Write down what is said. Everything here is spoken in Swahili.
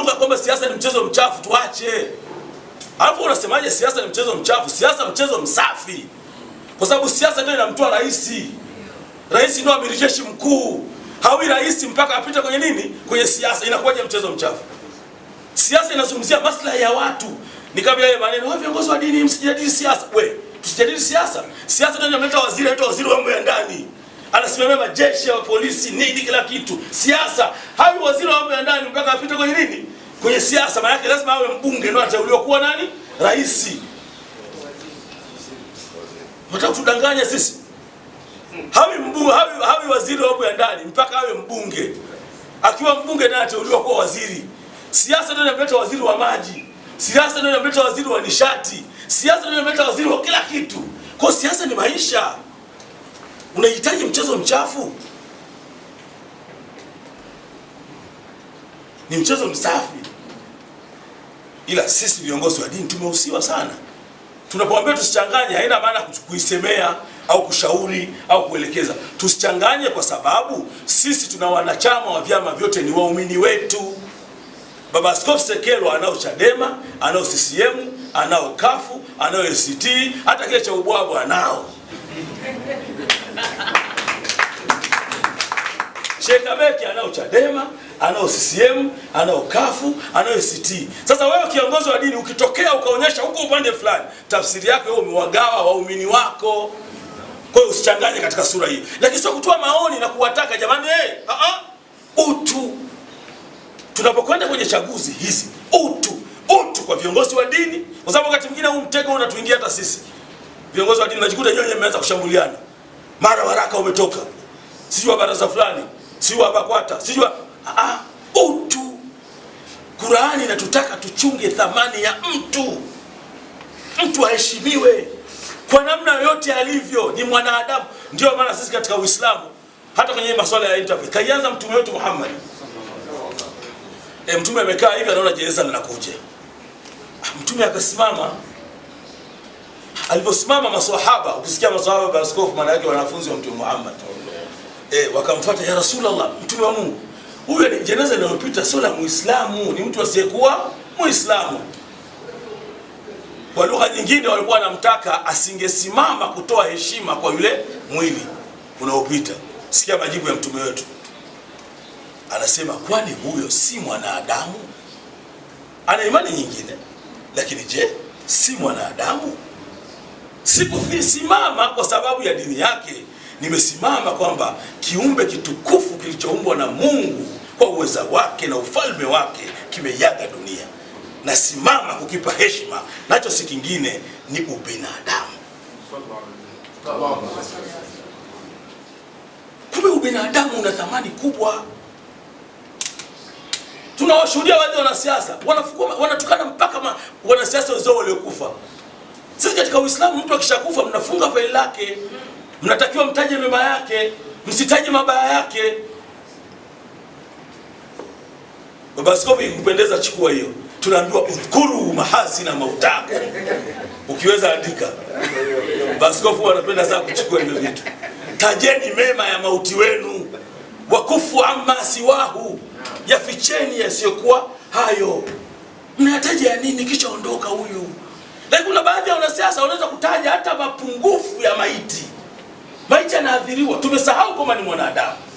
lugha kwamba siasa ni mchezo mchafu, tuache. Alafu unasemaje siasa ni mchezo mchafu? Siasa mchezo msafi, kwa sababu siasa ndio inamtoa rais. Rais ndio amiri jeshi mkuu, hawi rais mpaka apite kwenye nini, kwenye siasa. Inakuwaje mchezo mchafu? Siasa inazungumzia maslahi ya watu. Ni kama yeye maneno wao, viongozi wa dini msijadili siasa. We, tusijadili siasa? Siasa ndio inamleta waziri, aitwa waziri wa mambo ya ndani anasimamia majeshi ya polisi nini, kila kitu siasa. Hawi waziri wa mambo ya ndani mpaka apite kwenye nini, kwenye siasa. Maana yake lazima awe mbunge ndio ateuliwa kuwa nani, rais. Wataka kutudanganya sisi? Hawi mbunge, hawi, hawi waziri wa mambo ya ndani mpaka awe mbunge. Akiwa mbunge ndio ateuliwa kuwa waziri. Siasa ndio inamleta waziri wa maji, siasa ndio inamleta waziri wa nishati, siasa ndio inamleta waziri wa kila kitu. Kwa siasa ni maisha. Unahitaji mchezo mchafu? Ni mchezo msafi. Ila sisi viongozi wa dini tumehusiwa sana, tunapoambia tusichanganye, haina maana kuisemea au kushauri au kuelekeza. Tusichanganye kwa sababu sisi tuna wanachama wa vyama vyote, ni waumini wetu. Baba Askofu Sekelo anao Chadema, anao CCM, anao kafu, anao ACT, hata kile cha ubwabwa anao Sheikh Kabeke anao Chadema, anao CCM, anao kafu, anao ACT. Sasa wewe kiongozi wa dini ukitokea ukaonyesha huko upande fulani, tafsiri yako wewe umewagawa waumini wako. Kwa hiyo usichanganye katika sura hii, lakini sio kutoa maoni na kuwataka jamani, eh, hey, ah, a ah. a utu. Tunapokwenda kwenye chaguzi hizi, utu utu kwa viongozi wa dini, kwa sababu wakati mwingine huu mtego unatuingia hata sisi viongozi wa dini, najikuta nyenye mmeanza kushambuliana, mara waraka umetoka Sijua baraza fulani si hapa kwata sijui ah, ah, utu. Qurani inatutaka tuchunge thamani ya mtu, mtu aheshimiwe kwa namna yoyote alivyo, ni mwanadamu. Ndio maana sisi katika Uislamu hata kwenye masuala ya interfaith kaianza mtume wetu Muhammad. E, mtume amekaa hivi anaona jeneza linakuja. Ah, mtume akasimama, alivyosimama maswahaba, ukisikia maswahaba baraskofu, maana yake wanafunzi wa mtume Muhammad eh, wakamfuata ya Rasulullah, mtume wa Mungu, huyo ni jeneza linalopita sio la Muislamu, ni mtu asiyekuwa Muislamu. Kwa lugha nyingine, walikuwa wanamtaka asingesimama kutoa heshima kwa yule mwili unaopita. Sikia majibu ya mtume wetu, anasema kwani huyo si mwanadamu? Ana imani nyingine, lakini je, si mwanadamu? Sikusimama kwa sababu ya dini yake nimesimama kwamba kiumbe kitukufu kilichoumbwa na Mungu kwa uweza wake na ufalme wake kimeyaga dunia. Nasimama kukipa heshima, nacho si kingine ni ubinadamu. Kumbe ubinadamu una thamani kubwa. Tunawashuhudia wale wanasiasa wanafukua, wanatukana mpaka ma, wanasiasa wenzao waliokufa. Sisi katika Uislamu mtu akishakufa mnafunga faili lake mnatakiwa mtaje mema yake, msitaje mabaya yake. Baba Askofu, ikupendeza chukua hiyo. Tunaambiwa udhkuru mahasina mautaka, ukiweza andika. Baba Askofu wanapenda sana kuchukua hivyo vitu. Tajeni mema ya mauti wenu, wakufu amma siwahu, yaficheni yasiyokuwa hayo. Mnataja ya nini kisha ondoka huyu? Lakini kuna baadhi ya wanasiasa wanaweza kutaja hata mapungufu ya maiti mwananchi anaathiriwa, tumesahau kwamba ni mwanadamu.